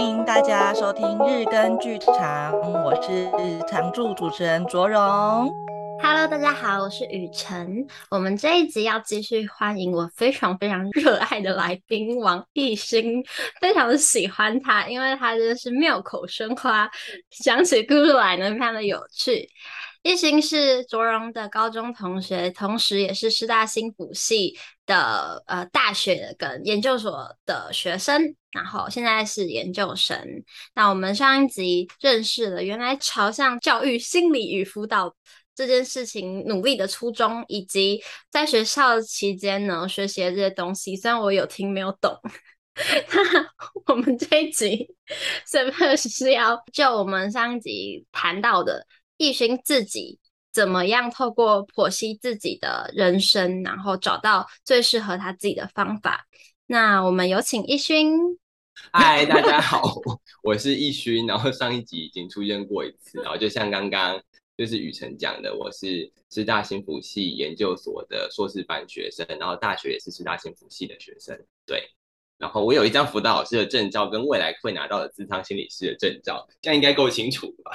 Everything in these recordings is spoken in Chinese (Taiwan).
歡迎大家收聽日更劇場，我是常駐主持人卓榮。Hello，大家好，我是雨辰。我們這一集要繼續歡迎我非常非常熱愛的來賓王奕勛，非常喜歡他，因為他真的是妙口生花，講起故事來呢非常的有趣。奕勛是卓榮的高中同學，同時也是師大心輔系的呃大學跟研究所的學生，然後現在是研究生。那我們上一集認識了原來朝向教育心理與輔導這件事情努力的初衷，以及在學校期間呢學習這些東西。雖然我有聽沒有懂， 那我們這一集準 備是要就我們上一集談到的。奕勛自己怎麼樣透過剖析自己的人生，然後找到最適合他自己的方法？那我們有請奕勛。嗨，大家好，我是奕勛。 然後上一集已經出現過一次，然後就像剛剛就是雨辰講的，我是師大心輔系研究所的碩士班學生，然後大學也是師大心輔系的學生。對。然後我有一張輔導老師的證照，跟未來會拿到的諮商心理師的證照，這樣應該夠清楚吧？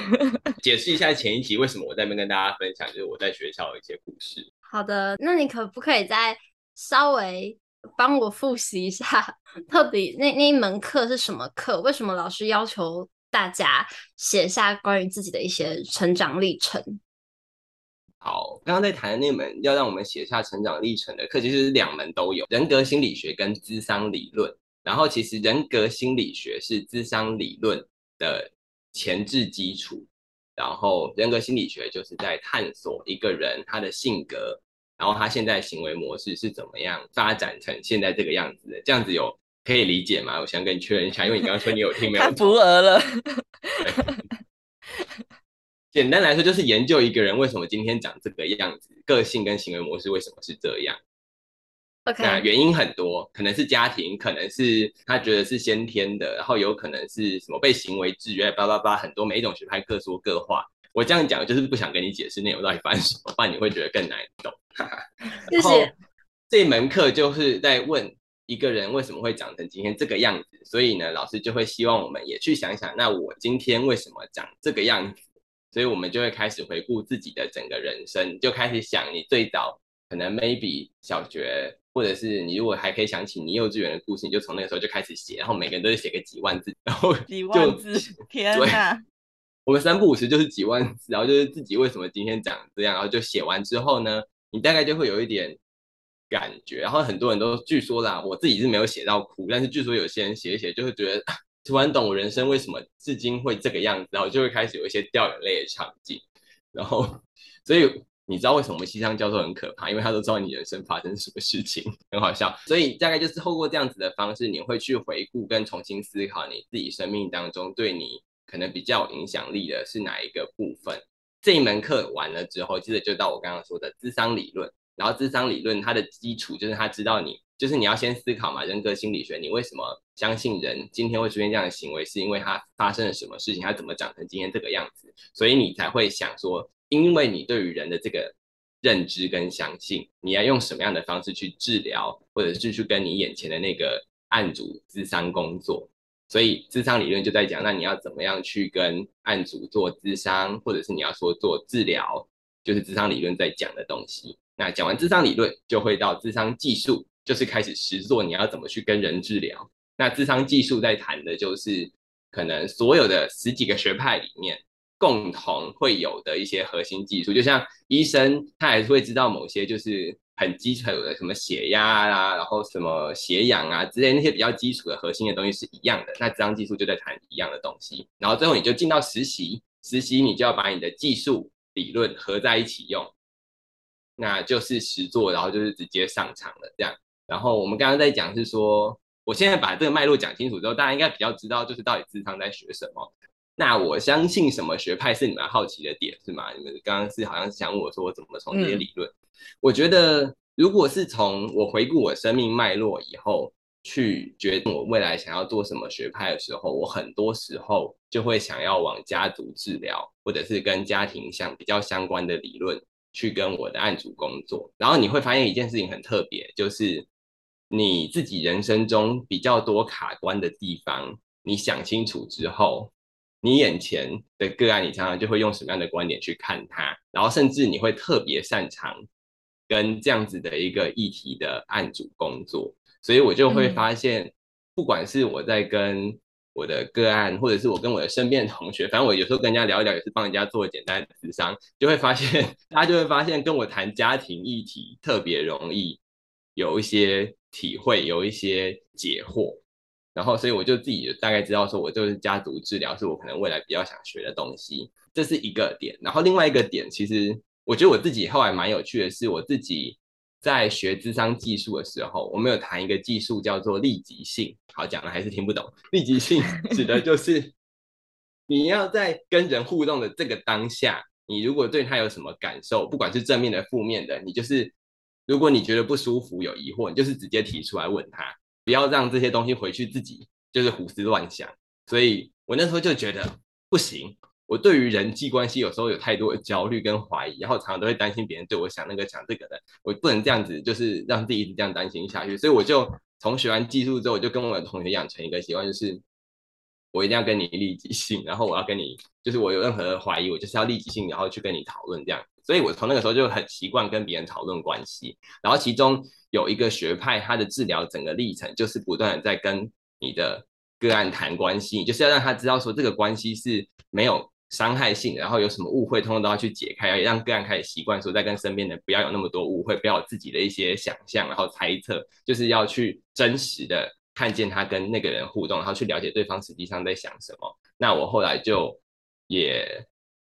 解釋一下前一集為什麼我在那邊跟大家分享，就是我在學校的一些故事。好的，那你可不可以再稍微幫我復習一下，到底那那一門課是什麼課？為什麼老師要求大家寫下關於自己的一些成長歷程？好，剛剛在談的那門要讓我們寫下成長歷程的課，其實是兩門都有，人格心理學跟諮商理論。然後其實人格心理學是諮商理論的前置基礎。然後人格心理學就是在探索一個人他的性格，然後他現在行為模式是怎麼樣發展成現在這個樣子的。這樣子有可以理解嗎？我想跟你確認一下，因為你剛剛說你有聽沒有？ 太符合了。 簡單來說，就是研究一個人為什麼今天長這個樣子，個性跟行為模式為什麼是這樣 Okay. 那原因很多，可能是家庭，可能是他覺得是先天的，然後有可能是什麼被行為制約，叭叭叭，很多，每一種學派各說各話。我這樣講就是不想跟你解釋內容，到底發生什麼，怕你會覺得更難懂。就是這門課就是在問一個人為什麼會長成今天這個樣子，所以呢，老師就會希望我們也去想想，那我今天為什麼長這個樣子？所以我們就會開始回顧自己的整個人生，就開始想你最早可能 maybe 小學，或者是你如果還可以想起你幼稚園的故事，你就從那個時候就開始寫，然後每個人都是寫個幾萬字，然後幾萬字，天哪，我們三不五時就是幾萬字，然後就是自己為什麼今天長這樣，然後就寫完之後呢，你大概就會有一點感覺，然後很多人都據說啦，我自己是沒有寫到哭，但是據說有些人寫一寫就會覺得。突然懂，我人生為什麼至今會這個樣子，然後就會開始有一些掉眼淚的場景，然後，所以你知道為什麼西昌教授很可怕，因為他都知道你人生發生什麼事情，很好笑。所以大概就是透過這樣子的方式，你會去回顧跟重新思考你自己生命當中對你可能比較有影響力的是哪一個部分。這一門課完了之後，接着就到我剛剛說的諮商理論，然後諮商理論它的基礎就是他知道你。就是你要先思考嘛，人格心理學，你為什麼相信人今天會出現這樣的行為，是因為他發生了什麼事情，他怎麼長成今天這個樣子，所以你才會想說，因為你對於人的這個認知跟相信，你要用什麼樣的方式去治療，或者是去跟你眼前的那個案主諮商工作，所以諮商理論就在講，那你要怎麼樣去跟案主做諮商，或者是你要說做治療，就是諮商理論在講的東西。那講完諮商理論，就會到諮商技術。就是開始實作，你要怎麼去跟人治療？那諮商技術在談的就是可能所有的十幾個學派裡面共同會有的一些核心技術，就像醫生他還是會知道某些就是很基礎的什麼血壓啊，然後什麼血氧啊之類的那些比較基礎的核心的東西是一樣的。那諮商技術就在談一樣的東西，然後最後你就進到實習，實習你就要把你的技術理論合在一起用，那就是實作，然後就是直接上場了這樣。然後我們剛剛在講是說，我現在把這個脈絡講清楚之後，大家應該比較知道就是到底諮商在學什麼。那我相信什麼學派是你們好奇的點是嗎？你們剛剛是好像想我說我怎麼從這些理論？嗯、我覺得如果是從我回顧我生命脈絡以後，去決定我未來想要做什麼學派的時候，我很多時候就會想要往家族治療或者是跟家庭相比較相關的理論去跟我的案主工作。然後你會發現一件事情很特別，就是。你自己人生中比較多卡關的地方，你想清楚之後，你眼前的個案，你常常就會用什麼樣的觀點去看它，然後甚至你會特別擅長跟這樣子的一個議題的案主工作，所以我就會發現，不管是我在跟我的個案，嗯、或者是我跟我的身邊同學，反正我有時候跟人家聊一聊，也是幫人家做簡單的諮商，就會發現，大家就會發現，跟我談家庭議題特別容易有一些。體會有一些解惑。然後所以我就自己大概知道說，我就是家族治療是我可能未來比較想學的東西，這是一個點。然後另外一個點，其實我覺得我自己後來蠻有趣的是，我自己在學諮商技術的時候，我們有談一個技術叫做立即性。好，講了還是聽不懂，立即性指的就是 你要在跟人互動的這個當下，你如果對他有什麼感受，不管是正面的、負面的，你就是。如果你覺得不舒服、有疑惑，你就是直接提出來問他，不要讓這些東西回去自己就是胡思亂想。所以，我那時候就覺得不行。我對於人際關係有時候有太多的焦慮跟懷疑，然後常常都會擔心別人對我想那個、想這個的，我不能這樣子，就是讓自己一直這樣擔心下去。所以，我就從學完技術之後，我就跟我的同學養成一個習慣，就是我一定要跟你立即性，然後我要跟你，就是我有任何的懷疑，我就是要立即性，然後去跟你討論這樣。所以，我從那個時候就很習慣跟別人討論關係。然後，其中有一個學派，他的治療整個歷程就是不斷的在跟你的個案談關係，就是要讓他知道說這個關係是沒有傷害性，然後有什麼誤會，通通都要去解開，也讓個案開始習慣說在跟身邊人不要有那麼多誤會，不要有自己的一些想象，然後猜測，就是要去真實的看見他跟那個人互動，然後去了解對方實際上在想什麼。那我後來就也。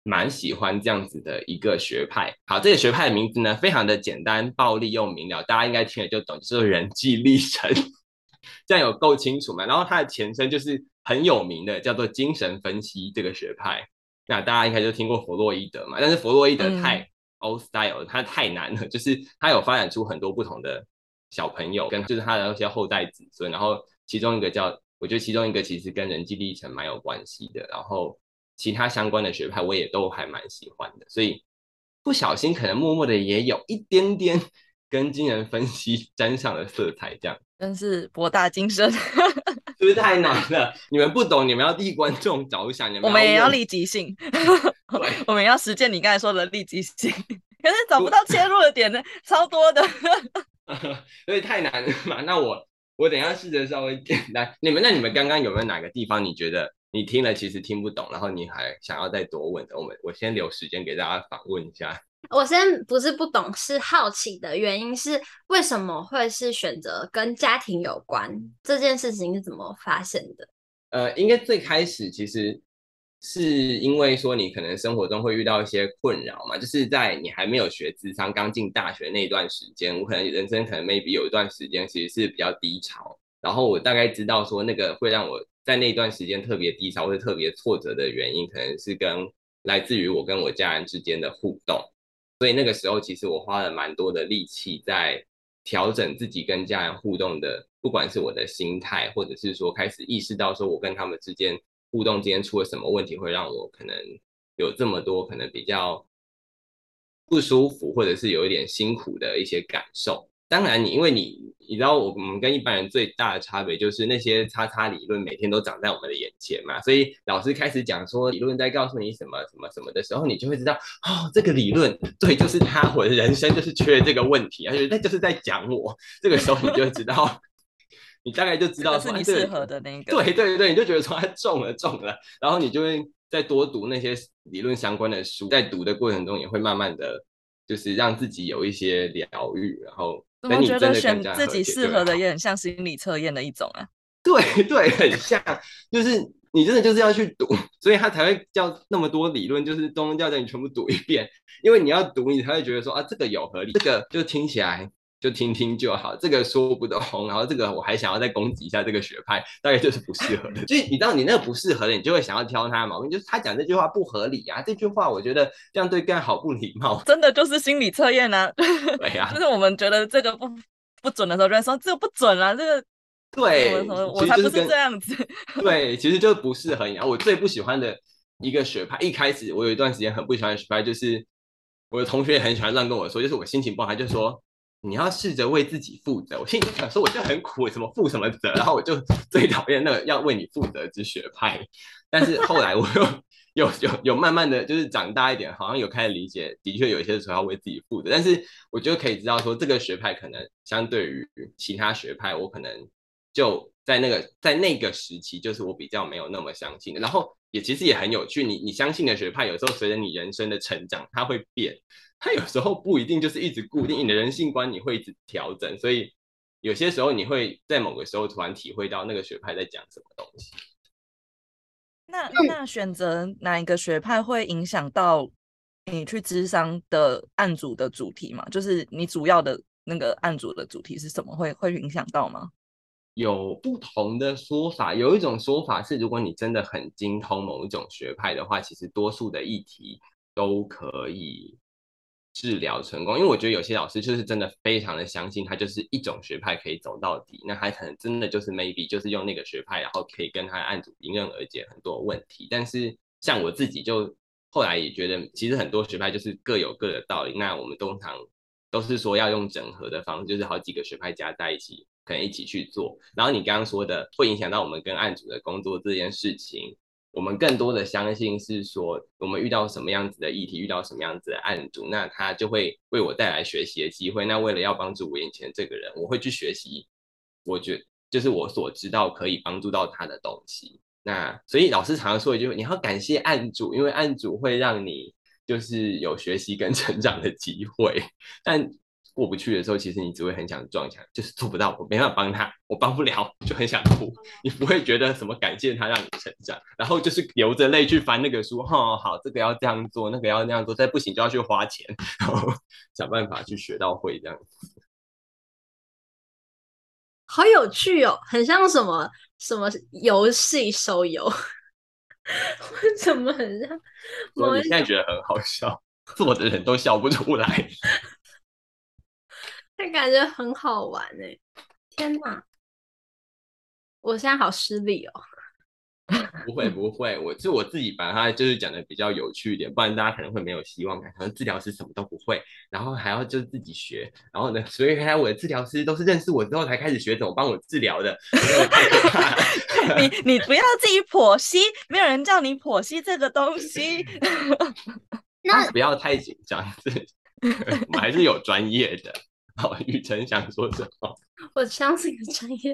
蠻喜歡這樣子的一個學派。好，這個學派的名字呢，非常的簡單、暴力又明了，大家應該聽了就懂，就是人際歷程，這樣有夠清楚嘛？然後它的前身就是很有名的，叫做精神分析這個學派。那大家應該就聽過弗洛伊德嘛？但是弗洛伊德太 old style，嗯，他太難了，就是他有發展出很多不同的小朋友，跟就是他的那些後代子孫。然後其中一個叫，我覺得其中一個其實跟人際歷程蠻有關係的。然後。其他相關的學派我也都還蠻喜歡的，所以不小心可能默默的也有一點點跟精神分析沾上了色彩，這樣真是博大精深，是不是太難了？ 你們不懂，你們要替觀眾着想，你們我們也要立即性， 我們要實踐你剛才說的立即性， 可是找不到切入的點呢， 超多的， 所以太難了嘛。那我我等一下試着稍微簡單 來，你們那你們剛剛有沒有哪個地方你覺得？你聽了其實聽不懂，然後你還想要再多問，我們我先留時間給大家訪問一下。我先不是不懂，是好奇的原因是為什麼會是選擇跟家庭有關？這件事情是怎麼發生的？呃，應該最開始其實是因為說你可能生活中會遇到一些困擾嘛，就是在你還沒有學諮商，剛進大學那段時間，我可能人生可能 maybe 有一段時間其實是比較低潮。然後我大概知道，說那個會讓我在那段時間特別低潮，或者特別挫折的原因，可能是跟來自於我跟我家人之間的互動。所以那個時候，其實我花了蠻多的力氣在調整自己跟家人互動的，不管是我的心態，或者是說，開始意識到，說我跟他們之間互動之間出了什麼問題，會讓我可能有這麼多可能比較不舒服，或者是有一點辛苦的一些感受。當然你，你因為你你知道，我們跟一般人最大的差別就是那些叉叉理論每天都長在我們的眼前嘛，所以老師開始講說理論在告訴你什麼什麼什麼的時候，你就會知道哦，這個理論對，就是他，我的人生就是缺這個問題，而且就是那就是在講我，這個時候你就知道， 你大概就知道說是你適合的那個，對對對，對，你就覺得說他中了中了，然後你就會再多讀那些理論相關的書，在讀的過程中也會慢慢的就是讓自己有一些療癒，然後。我覺得選自己適合的也很像心理測驗的一種啊，對對，很像，就是你真的就是要去讀，所以他才會叫那麼多理論，就是東東要叫你全部讀一遍，因為你要讀，你才會覺得說啊，這個有合理，這個就聽起來。就聽聽就好，這個說不動，然後這個我還想要再攻擊一下這個學派，大概就是不適合的。就你到你那個不適合的，你就會想要挑他的毛病，就是他講這句話不合理啊，這句話我覺得這樣對更好不禮貌。真的就是心理測驗啊。對啊， 就是我們覺得這個不不準的時候，就說這個不準了，啊，這個對，我才不是這樣子。對，其實就是不適合你，啊。我最不喜歡的一個學派， 一開始我有一段時間很不喜歡的學派，就是我的同學很喜歡這樣跟我說，就是我心情不好，就說。你要試着為自己負責。我心裡想說，我就很苦，什麼負什麼責。然後我就最討厭那個要為你負責之學派。但是後來我又有 有有，有慢慢的就是長大一點，好像有開始理解，的確有些時候要為自己負責。但是我就可以知道說，這個學派可能相對於其他學派，我可能就。在那個在那個時期，就是我比較沒有那麼相信的。然後也其實也很有趣，你你相信的學派有時候隨着你人生的成長，它會變。它有時候不一定就是一直固定，你的人性觀你會一直調整。所以有些時候你會在某個時候突然體會到那個學派在講什麼東西。那那選擇哪一個學派會影響到你去諮商的案主的主題嗎？就是你主要的那個案主的主題是什麼？會會影響到嗎？有不同的說法，有一種說法是，如果你真的很精通某一種學派的話，其實多數的議題都可以治療成功。因為我覺得有些老師就是真的非常的相信，他就是一種學派可以走到底。那他可能真的就是 maybe 就是用那個學派，然後可以跟他案主迎刃而解很多問題。但是像我自己就後來也覺得，其實很多學派就是各有各的道理。那我們通常都是說要用整合的方式，就是好幾個學派加在一起。可能一起去做，然後你剛剛說的會影響到我們跟案主的工作這件事情，我們更多的相信是說，我們遇到什麼樣子的議題，遇到什麼樣子的案主，那他就會為我帶來學習的機會。那為了要幫助我眼前這個人，我會去學習，我覺就是我所知道可以幫助到他的東西。那所以老師常常說一句話，你要感謝案主，因為案主會讓你就是有學習跟成長的機會，但，過不去的時候，其實你只會很想撞牆，就是做不到。我沒辦法幫他，我幫不了，就很想哭。你不會覺得什麼感謝他讓你成長，然後就是流着淚去翻那個書，哦，好，這個要這樣做，那個要那樣做，再不行就要去花錢，然後想辦法去學到會這樣子。好有趣哦，很像什麼什麼遊戲手遊，怎 什麼很像？你現在覺得很好笑，做的人都笑不出來。感覺很好玩哎，欸！天哪，我現在好失禮哦。 不會不會，我就我自己把它就是講得比較有趣一點，不然大家可能會沒有希望感。可能治療師什麼都不會，然後還要就自己學，然後呢，所以原來我的治療師都是認識我之後才開始學怎麼幫我治療的。你你不要自己剖析，沒有人叫你剖析這個東西。那 不要太緊張，我們還是有專業的。雨晨想說什麼？ 我相信專業。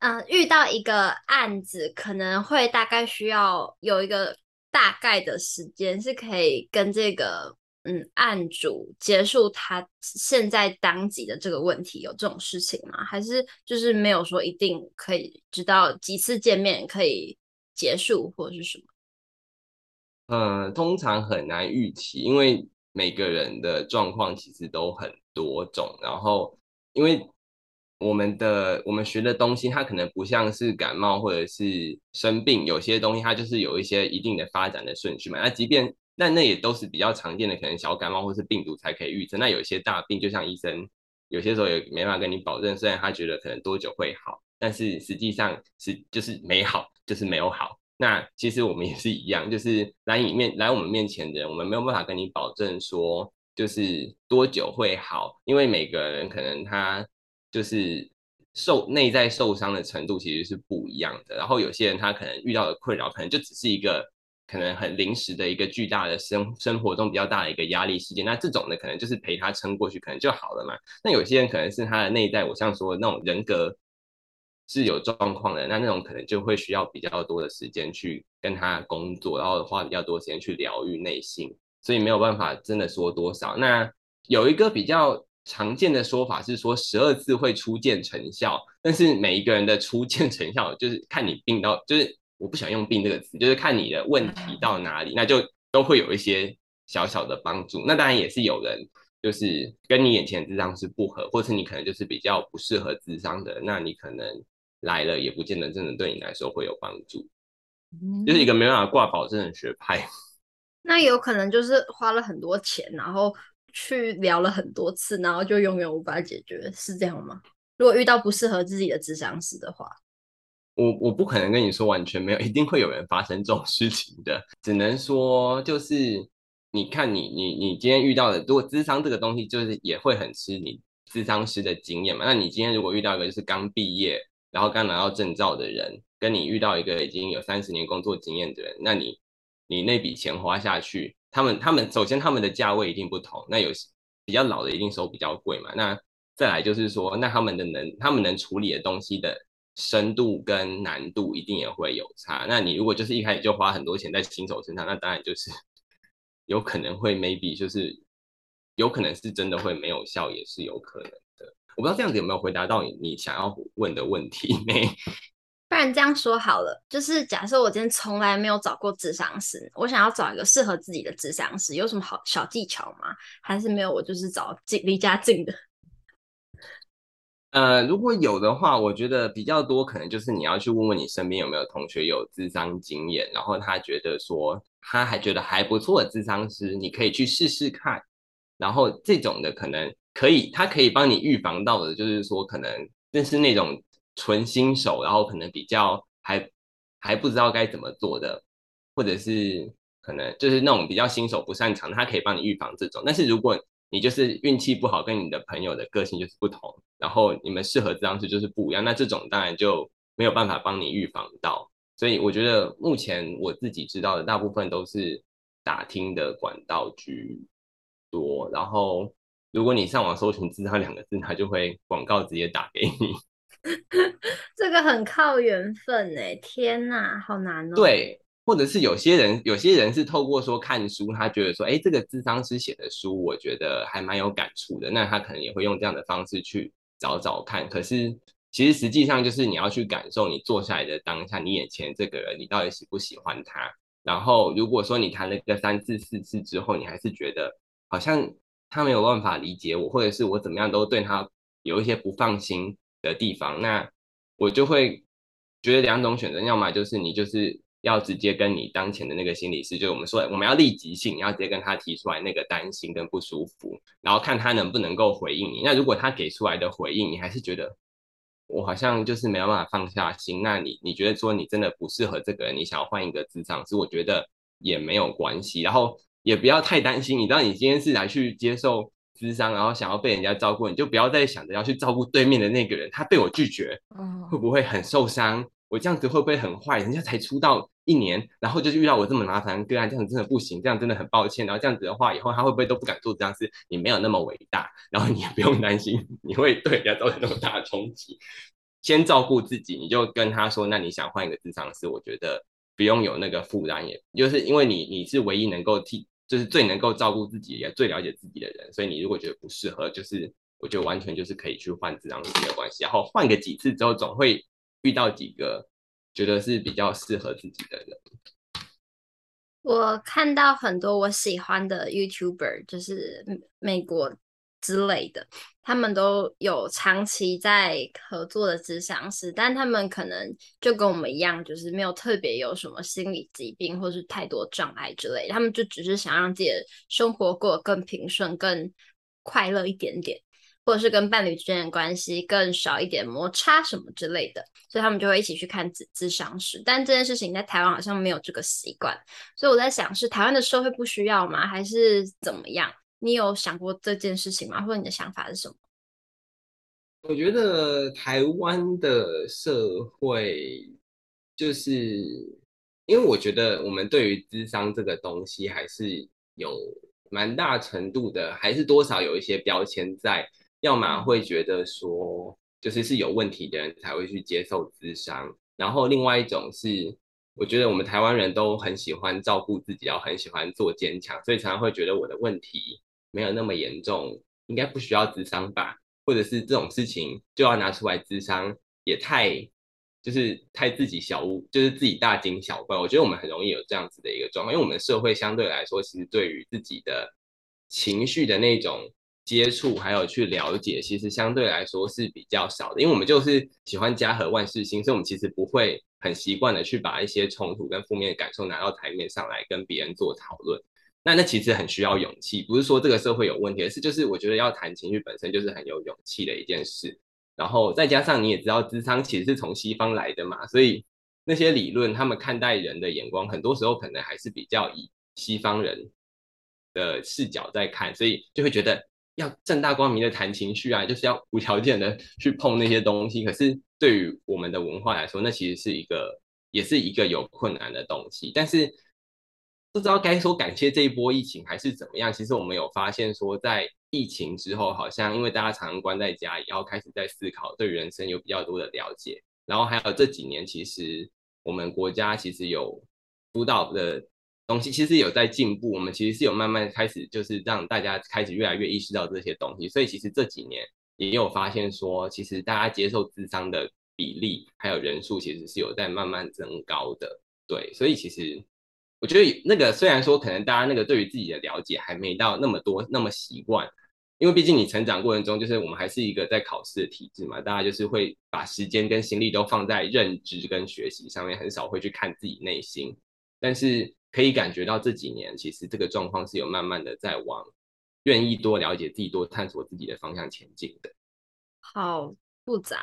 嗯、 呃，遇到一個案子，可能會大概需要有一個大概的時間，是可以跟這個嗯案主結束他現在當即的這個問題，有這種事情嗎？還是就是沒有說一定可以直到幾次見面可以結束或者是什麼？嗯、呃，通常很難預期，因為每個人的狀況其實都很。多種，然後因為我們的我們學的東西，它可能不像是感冒或者是生病，有些東西它就是有一些一定的發展的順序嘛。那即便，但那也都是比較常見的，可能小感冒或者是病毒才可以預測。那有些大病，就像醫生，有些時候也沒辦法跟你保證，雖然他覺得可能多久會好，但是實際上是就是沒好，就是沒有好。那其實我們也是一樣，就是來你面來我們面前的人，我們沒有辦法跟你保證說。就是多久會好？因為每個人可能他就是受，內在受傷的程度其實是不一樣的。然後有些人他可能遇到的困擾，可能就只是一個可能很臨時的一個巨大的生生活中比較大的一個壓力事件。那這種呢，可能就是陪他撐過去，可能就好了嘛。那有些人可能是他的內在，我像說那種人格是有狀況的，那那種可能就會需要比較多的時間去跟他工作，然後花比較多時間去療癒內心。所以沒有辦法真的說多少。那有一個比較常見的說法是說，十二次會初見成效，但是每一個人的初見成效就是看你病到，就是我不想用“病”這個詞，就是看你的問題到哪裡，那就都會有一些小小的幫助。那當然也是有人就是跟你眼前的諮商是不合，或是你可能就是比較不適合諮商的，那你可能來了也不見得真的對你來說會有幫助。就是一個沒辦法掛保證的學派。那有可能就是花了很多錢，然後去聊了很多次，然後就永遠無法解決，是這樣嗎？如果遇到不適合自己的諮商師的話，我我不可能跟你說完全沒有，一定會有人發生這種事情的。只能說就是你看你你你今天遇到的，如果諮商這個東西就是也會很吃你諮商師的經驗嘛。那你今天如果遇到一個就是剛畢業，然後剛拿到證照的人，跟你遇到一個已經有三十年工作經驗的人，那你。你那筆錢花下去，他們他們首先他們的價位一定不同，那有比較老的一定收比較貴嘛。那再來就是說，那他們的能他們能處理的東西的深度跟難度一定也會有差。那你如果就是一開始就花很多錢在新手身上，那當然就是有可能會 maybe 就是有可能是真的會沒有效，也是有可能的。我不知道這樣子有沒有回答到你想要問的問題沒？不然這樣說好了，就是假設我今天從來沒有找過諮商師，我想要找一個適合自己的諮商師，有什麼好小技巧嗎？還是沒有？我就是找近離家近的。呃，如果有的話，我覺得比較多可能就是你要去問問你身邊有沒有同學有諮商經驗，然後他覺得說他還覺得還不錯的諮商師，你可以去試試看。然後這種的可能可以，他可以幫你預防到的，就是說可能認識那種。純新手，然後可能比較還還不知道該怎麼做的，或者是可能就是那種比較新手不擅長，他可以幫你預防這種。但是如果你就是運氣不好，跟你的朋友的個性就是不同，然後你們適合這樣子就是不一樣，那這種當然就沒有辦法幫你預防到。所以我覺得目前我自己知道的大部分都是打聽的管道居多。然後如果你上網搜尋“知道”兩個字，它就會廣告直接打給你。 這個很靠緣分哎，天哪，好難哦。對，或者是有些人，有些人是透過說看書，他覺得說，哎、欸，這個諮商師寫的書，我覺得還蠻有感觸的。那他可能也會用這樣的方式去找找看。可是，其實實際上就是你要去感受你坐下來的當下，你眼前這個人，你到底喜不喜歡他？然後，如果說你談了個三次四次之後，你還是覺得好像他沒有辦法理解我，或者是我怎麼樣都對他有一些不放心的地方，那我就會覺得兩種選擇，要麼就是你就是要直接跟你當前的那個心理師，就是我們說我們要立即性，你要直接跟他提出來那個擔心跟不舒服，然後看他能不能夠回應你。那如果他給出來的回應，你還是覺得我好像就是沒有辦法放下心，那你你覺得說你真的不適合這個人，你想要換一個諮商師，是我覺得也沒有關係，然後也不要太擔心。你知道你今天是來去接受諮商，然後想要被人家照顧，你就不要再想着要去照顧對面的那個人，他被我拒絕，oh. 會不會很受傷？我這樣子會不會很壞？人家才出道一年，然後就是遇到我這麼麻煩，對啊，這樣真的不行，這樣真的很抱歉。然後這樣子的話，以後他會不會都不敢做這樣事？你沒有那麼偉大，然後你也不用擔心你會對人家造成那麼大的衝擊。先照顧自己，你就跟他說，那你想換一個諮商師。我覺得不用有那個負擔也，也就是因為你你是唯一能夠替。就是最能夠照顧自己也最了解自己的人，所以你如果覺得不適合，就是我覺得完全就是可以去換，這樣都沒有關係。然後換個幾次之後，總會遇到幾個覺得是比較適合自己的人。我看到很多我喜歡的 YouTuber，就是美國。之類的，他們都有長期在合作的諮商師，但他們可能就跟我們一樣，就是沒有特別有什麼心理疾病或是太多障礙之類的，他們就只是想讓自己生活過得更平順、更快樂一點點，或者是跟伴侶之間的關係更少一點摩擦什麼之類的，所以他們就會一起去看諮諮商師。但這件事情在台灣好像沒有這個習慣，所以我在想，是台灣的社會不需要嗎？還是怎麼樣？你有想過這件事情嗎？或者你的想法是什麼？我覺得台灣的社會，就是因為我覺得我們對於諮商這個東西，還是有蠻大程度的，還是多少有一些標籤在。要麼會覺得說，就是是有問題的人才會去接受諮商；然後另外一種是，我覺得我們台灣人都很喜歡照顧自己，也很喜歡做堅強，所以常常會覺得我的問題。沒有那麼嚴重，應該不需要諮商吧？或者是這種事情就要拿出來諮商也太就是太自己小物，就是自己大驚小怪。我覺得我們很容易有這樣子的一個狀況，因為我們社會相對來說，其實對於自己的情緒的那種接觸還有去了解，其實相對來說是比較少的。因為我們就是喜歡家和萬事興，所以我們其實不會很習慣的去把一些衝突跟負面的感受拿到台面上來跟別人做討論。但那其實很需要勇氣，不是說這個社會有問題，而是就是我覺得要談情緒本身就是很有勇氣的一件事。然後再加上你也知道，諮商其實是從西方來的嘛，所以那些理論，他們看待人的眼光，很多時候可能還是比較以西方人的視角在看，所以就會覺得要正大光明的談情緒啊，就是要無條件的去碰那些東西。可是對於我們的文化來說，那其實是一個也是一個有困難的東西，但是。不知道該說感謝這一波疫情還是怎麼樣。其實我們有發現說，在疫情之後，好像因為大家常常關在家，然後開始在思考對人生有比較多的了解。然後還有這幾年，其實我們國家其實有輔導的東西，其實有在進步。我們其實是有慢慢開始，就是讓大家開始越來越意識到這些東西。所以其實這幾年也有發現說，其實大家接受諮商的比例還有人數，其實是有在慢慢增高的。對，所以其實。我覺得那個雖然說可能大家那個對於自己的了解還沒到那麼多那麼習慣，因為畢竟你成長過程中就是我們還是一個在考試的體制嘛，大家就是會把時間跟心力都放在認知跟學習上面，很少會去看自己內心。但是可以感覺到這幾年其實這個狀況是有慢慢的在往願意多了解自己、多探索自己的方向前進的。好複雜。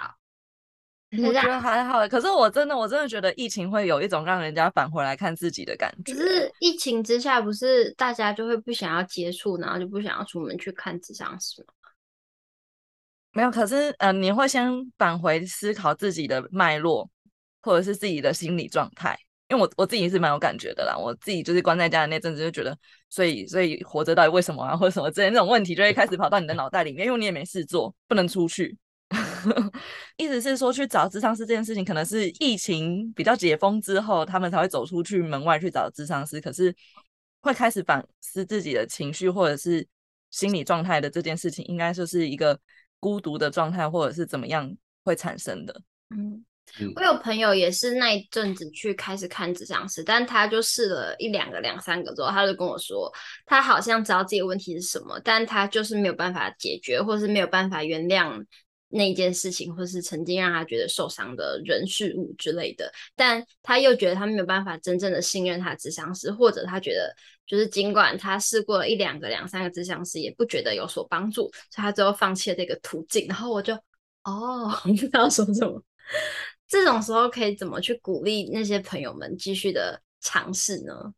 我覺得還好，可是我真的，我真的覺得疫情會有一種讓人家返回來看自己的感覺。可是疫情之下，不是大家就會不想要接觸，然後就不想要出門去看諮商師嗎？沒有，可是嗯、呃、你會先返回思考自己的脈絡，或者是自己的心理狀態。因為我我自己是蠻有感覺的啦，我自己就是關在家的那陣子就覺得，所以所以活着到底為什麼啊，或者什麼之類那種問題，就會開始跑到你的腦袋裡面，因為你也沒事做，不能出去。 意思是說，去找諮商師這件事情，可能是疫情比較解封之後，他們才會走出去門外去找諮商師。可是，會開始反思自己的情緒或者是心理狀態的這件事情，應該說是一個孤獨的狀態，或者是怎麼樣會產生的。嗯，我有朋友也是那一陣子去開始看諮商師，但他就試了一兩個、兩三個之後，他就跟我說，他好像知道自己的問題是什麼，但他就是沒有辦法解決，或者是沒有辦法原諒那件事情，或是曾經讓他覺得受傷的人、事物之類的，但他又覺得他沒有辦法真正的信任他的諮商師，或者他覺得就是儘管他試過一兩個、兩三個諮商師，也不覺得有所幫助，所以他最後放棄了這個途徑。然後我就哦，不知道說什麼。 這種時候可以怎麼去鼓勵那些朋友們繼續的嘗試呢？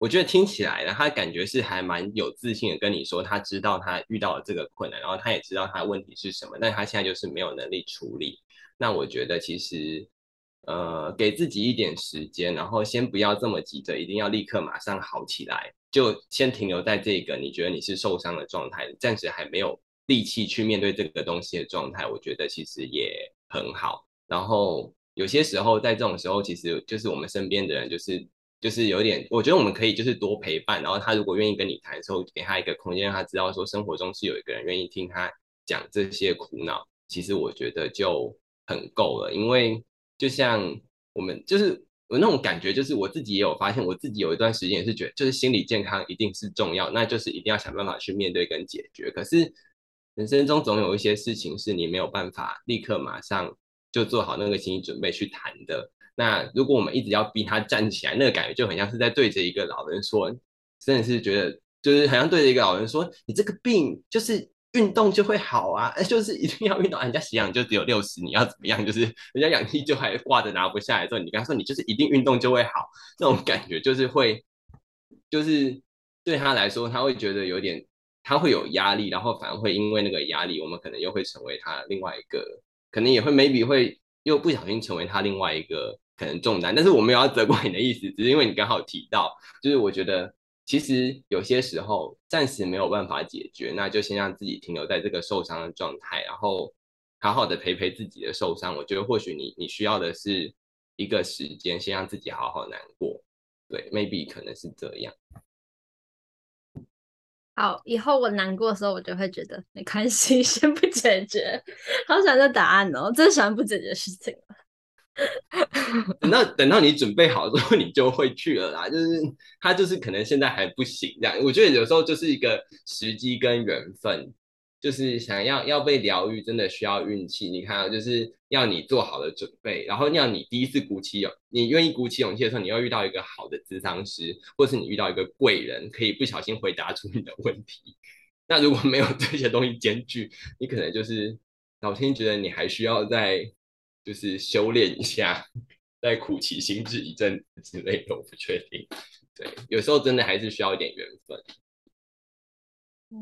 我覺得聽起來呢，他感覺是還蠻有自信的，跟你說他知道他遇到了這個困難，然後他也知道他的問題是什麼，但他現在就是沒有能力處理。那我覺得其實，呃，給自己一點時間，然後先不要這麼急着，一定要立刻馬上好起來，就先停留在這個你覺得你是受傷的狀態，暫時還沒有力氣去面對這個東西的狀態，我覺得其實也很好。然後有些時候在這種時候，其實就是我們身邊的人就是。就是有點，我覺得我們可以就是多陪伴，然後他如果願意跟你談的時候，給他一個空間，讓他知道說生活中是有一個人願意聽他講這些苦惱。其實我覺得就很夠了，因為就像我們就是我那種感覺，就是我自己也有發現，我自己有一段時間也是覺得，就是心理健康一定是重要，那就是一定要想辦法去面對跟解決。可是人生中總有一些事情是你沒有辦法立刻馬上就做好那個心理準備去談的。那如果我們一直要逼他站起來，那個感覺就很像是在對着一個老人說，真的是覺得就是好像對着一個老人說，你這個病就是運動就會好啊，就是一定要運動。啊，人家血氧就只有六十，你要怎麼樣？就是人家氧氣就還掛着拿不下來之後，你跟他說你就是一定運動就會好，那種感覺就是會，就是對他來說他會覺得有點他會有壓力，然後反而會因為那個壓力，我們可能又會成為他另外一個，可能也會 maybe 會又不小心成為他另外一個。可能重擔，但是我沒有要責怪你的意思，只是因為你剛好提到，就是我覺得其實有些時候暫時沒有辦法解決，那就先讓自己停留在這個受傷的狀態，然後好好的陪陪自己的受傷。我覺得或許你你需要的是一個時間，先讓自己好好難過。對，maybe 可能是這樣。好，以後我難過的時候，我就會覺得沒關係，先不解決。好喜歡這答案哦，最喜歡不解決的事情 等到等到你準備好之後，你就會去了啦。就是他就是可能現在還不行，這樣我覺得有時候就是一個時機跟緣分。就是想要要被療癒，真的需要運氣。你看啊，就是要你做好的準備，然後要你第一次鼓起勇，你願意鼓起勇氣的時候，你要遇到一個好的諮商師，或是你遇到一個貴人，可以不小心回答出你的問題。那如果沒有這些東西兼具，你可能就是老天覺得你還需要再。就是修煉一下，再苦其心志一陣之類的，我不確定。對，有時候真的還是需要一點緣分。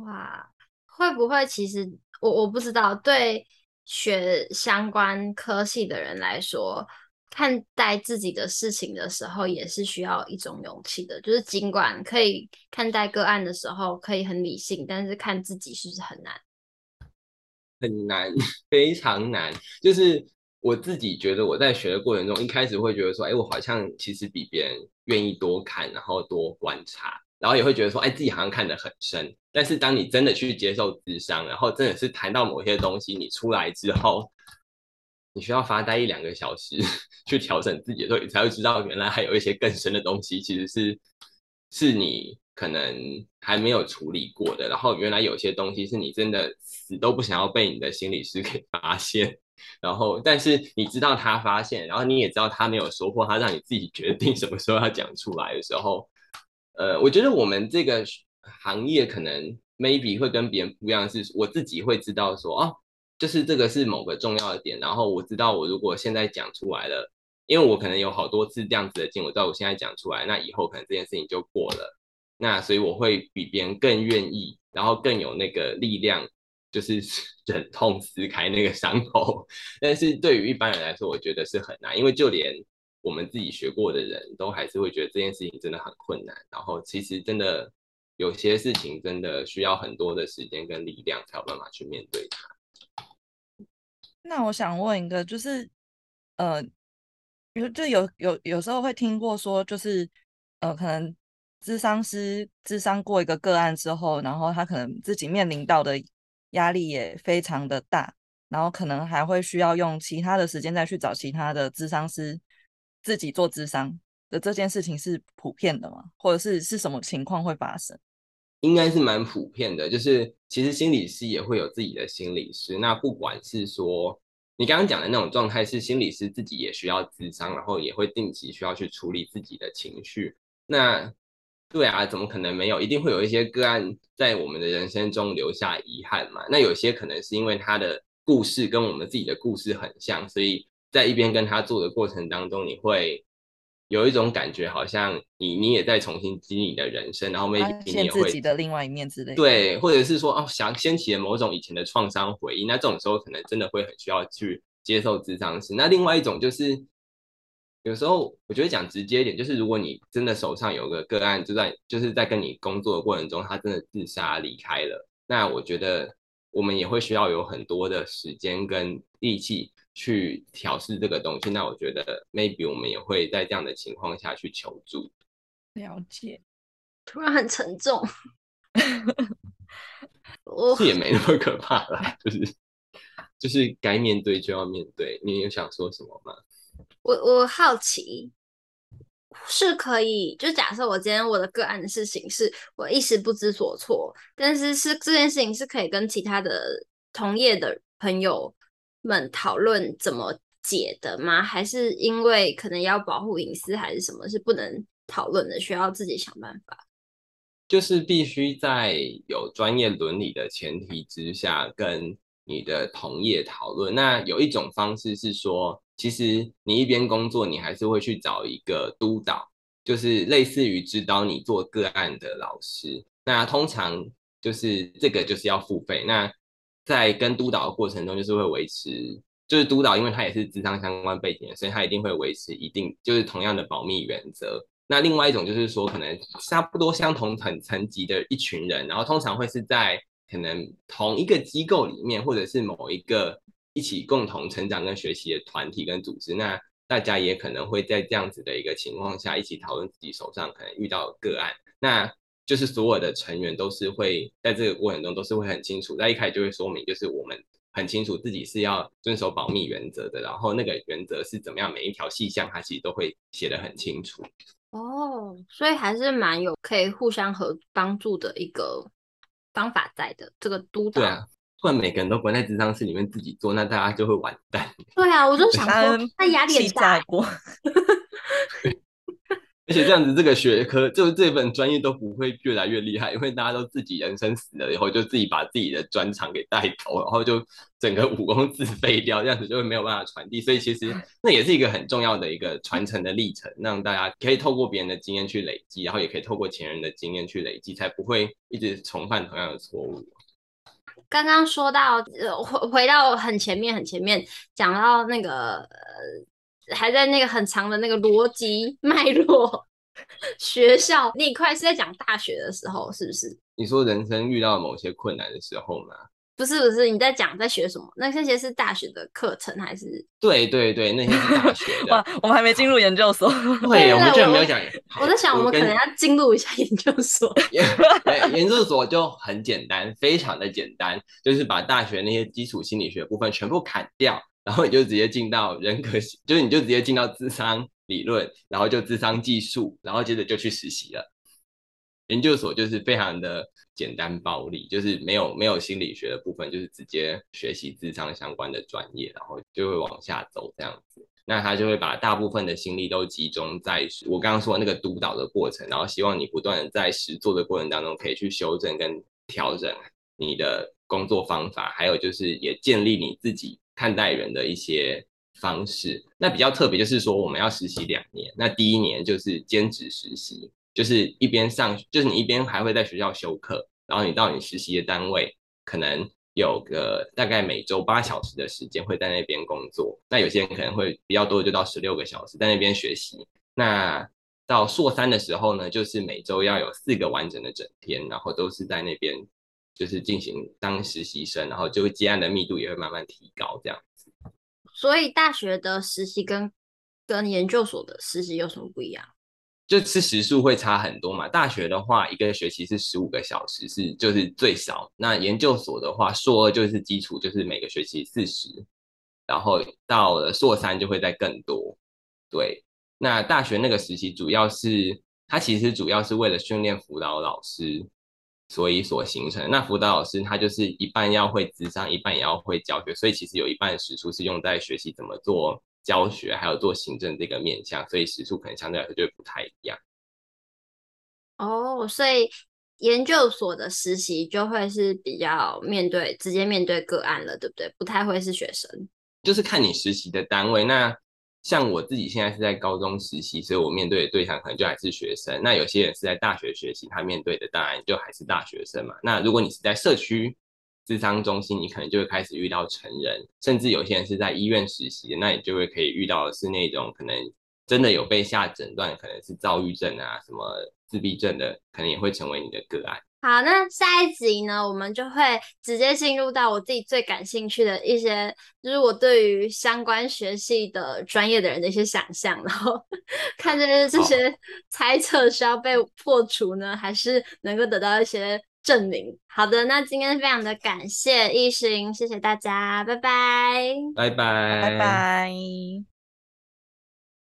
哇，會不會其實我我不知道，對學相關科系的人來說，看待自己的事情的時候，也是需要一種勇氣的。就是儘管可以看待個案的時候可以很理性，但是看自己是不是很難，很難，非常難，就是。我自己覺得，我在學的過程中，一開始會覺得說，哎，我好像其實比別人願意多看，然後多觀察，然後也會覺得說，哎，自己好像看得很深。但是當你真的去接受諮商，然後真的是談到某些東西，你出來之後，你需要發呆一兩個小時去調整自己，所以才會知道原來還有一些更深的東西，其實是是你可能還沒有處理過的。然後原來有些東西是你真的死都不想要被你的心理師給發現。然後，但是你知道他發現，然後你也知道他沒有說破，他讓你自己決定什麼時候要講出來的時候，呃，我覺得我們這個行業可能 maybe 會跟別人不一樣，是我自己會知道說，哦，就是這個是某個重要的點，然後我知道我如果現在講出來了，因為我可能有好多次這樣子的經，我知道我現在講出來，那以後可能這件事情就過了，那所以我會比別人更願意，然後更有那個力量。就是忍痛撕開那個傷口，但是對於一般人來說，我覺得是很難，因為就連我們自己學過的人都還是會覺得這件事情真的很困難。然後其實真的有些事情真的需要很多的時間跟力量才有辦法去面對它。那我想問一個，就是呃，有就有有有時候會聽過說，就是呃，可能諮商師諮商過一個個案之後，然後他可能自己面臨到的。壓力也非常的大，然後可能還會需要用其他的時間再去找其他的諮商師自己做諮商的這件事情是普遍的嗎？或者是是什麼情況會發生？應該是蠻普遍的，就是其實心理師也會有自己的心理師。那不管是說你剛剛講的那種狀態，是心理師自己也需要諮商，然後也會定期需要去處理自己的情緒。那對啊，怎麼可能沒有？一定會有一些個案在我們的人生中留下遺憾嘛。那有些可能是因為他的故事跟我們自己的故事很像，所以在一邊跟他做的過程當中，你會有一種感覺，好像你你也在重新經歷你的人生，然後每你也會、啊、自己的另外一面之類的。對，或者是說哦，想掀起了某種以前的創傷回憶，那這種時候可能真的會很需要去接受諮商師。那另外一種就是。有時候我覺得講直接一點，就是如果你真的手上有個個案，就在就是在跟你工作的過程中，他真的自殺離開了，那我覺得我們也會需要有很多的時間跟力氣去調試這個東西。那我覺得 maybe 我們也會在這樣的情況下去求助。了解，突然很沉重。我 這也沒那麼可怕啦，就是就是該面對就要面對。你有想說什麼嗎？我我好奇，是可以就假設我今天我的個案的事情是我一時不知所措，但是是這件事情是可以跟其他的同業的朋友們討論怎麼解的嗎？還是因為可能要保護隱私還是什麼是不能討論的，需要自己想辦法？就是必須在有專業倫理的前提之下跟你的同業討論。那有一種方式是說，其實你一邊工作，你還是會去找一個督導，就是類似於指導你做個案的老師。那通常就是這個就是要付費。那在跟督導的過程中，就是會維持，就是督導，因為他也是諮商相關背景的，所以他一定會維持一定就是同樣的保密原則。那另外一種就是說，可能差不多相同層層級的一群人，然後通常會是在可能同一個機構裡面，或者是某一個。一起共同成長跟學習的團體跟組織，那大家也可能會在這樣子的一個情況下一起討論自己手上可能遇到個案，那就是所有的成員都是會在這個過程中都是會很清楚，在一開始就會說明，就是我們很清楚自己是要遵守保密原則的，然後那個原則是怎麼樣，每一條細項它其實都會寫得很清楚。哦，oh, 所以還是蠻有可以互相和幫助的一個方法在的，這個督導。不然，每個人都關在諮商室裡面自己做，那大家就會完蛋。對啊，我就想說，那雅典娜。 而且這樣子，這個學科就是這本專業都不會越來越厲害，因為大家都自己人生死了以後，就自己把自己的專長給帶走，然後就整個武功自廢掉，這樣子就會沒有辦法傳遞。所以其實那也是一個很重要的一個傳承的歷程，讓大家可以透過別人的經驗去累積，然後也可以透過前人的經驗去累積，才不會一直重犯同樣的錯誤。剛剛說到，呃，回回到很前面很前面，講到那個，呃，還在那個很長的那個邏輯脈絡，學校那一塊是在講大學的時候，是不是？你說人生遇到某些困難的時候呢？不是不是，你在講在學什麼？那這些是大學的課程還是？對對對，那些是大學的。 哇，我們還沒進入研究所。對， 對我們完全沒有講。我，好我在想，我們可能要進入一下研究所 對。研究所就很簡單，非常的簡單，就是把大學那些基礎心理學部分全部砍掉，然後你就直接進到人格，就是你就直接進到諮商理論，然後就諮商技術，然後接着就去實習了。研究所就是非常的簡單暴力，就是沒有沒有心理學的部分，就是直接學習諮商相關的專業，然後就會往下走這樣子。那他就會把大部分的心力都集中在我剛剛說的那個督導的過程，然後希望你不斷的在實做的過程當中，可以去修正跟調整你的工作方法，還有就是也建立你自己看待人的一些方式。那比較特別就是說，我們要實習兩年，那第一年就是兼職實習。就是一邊上，就是你一邊還會在學校修課，然後你到你實習的單位，可能有個大概每週八小時的時間會在那邊工作。那有些人可能會比較多，就到十六個小時在那邊學習。那到碩三的時候呢，就是每週要有四個完整的整天，然後都是在那邊就是進行當實習生，然後就會接案的密度也會慢慢提高這樣子。所以大學的實習跟跟研究所的實習有什麼不一樣？就吃時數會差很多嘛？大學的話，一個學期是十五個小時，是就是最少。那研究所的話，碩二就是基礎，就是每個學期四十，然後到了碩三就會再更多。對，那大學那個時期主要是它其實主要是為了訓練輔導老師，所以所形成。那輔導老師他就是一半要會諮商，一半也要會教學，所以其實有一半時數是用在學習怎麼做。教學還有做行政這個面向，所以時數可能相對來說就不太一樣。哦，oh, 所以研究所的實習就會是比較面對直接面對個案了，對不對？不太會是學生。就是看你實習的單位。那像我自己現在是在高中實習，所以我面對的對象可能就還是學生。那有些人是在大學學習，他面對的當然就還是大學生嘛。那如果你是在社區，諮商中心，你可能就會開始遇到成人，甚至有些人是在醫院實習，那你就會可以遇到的是那種可能真的有被下診斷，可能是躁鬱症啊，什麼自閉症的，可能也會成為你的個案。好，那下一集呢，我們就會直接進入到我自己最感興趣的一些，就是我對於相關學系的專業的人的一些想象，然後 看這些這些猜測是要被破除呢，哦、還是能夠得到一些，證明。好的，那今天非常的感謝奕勛，一謝謝大家，拜拜，拜拜，拜拜。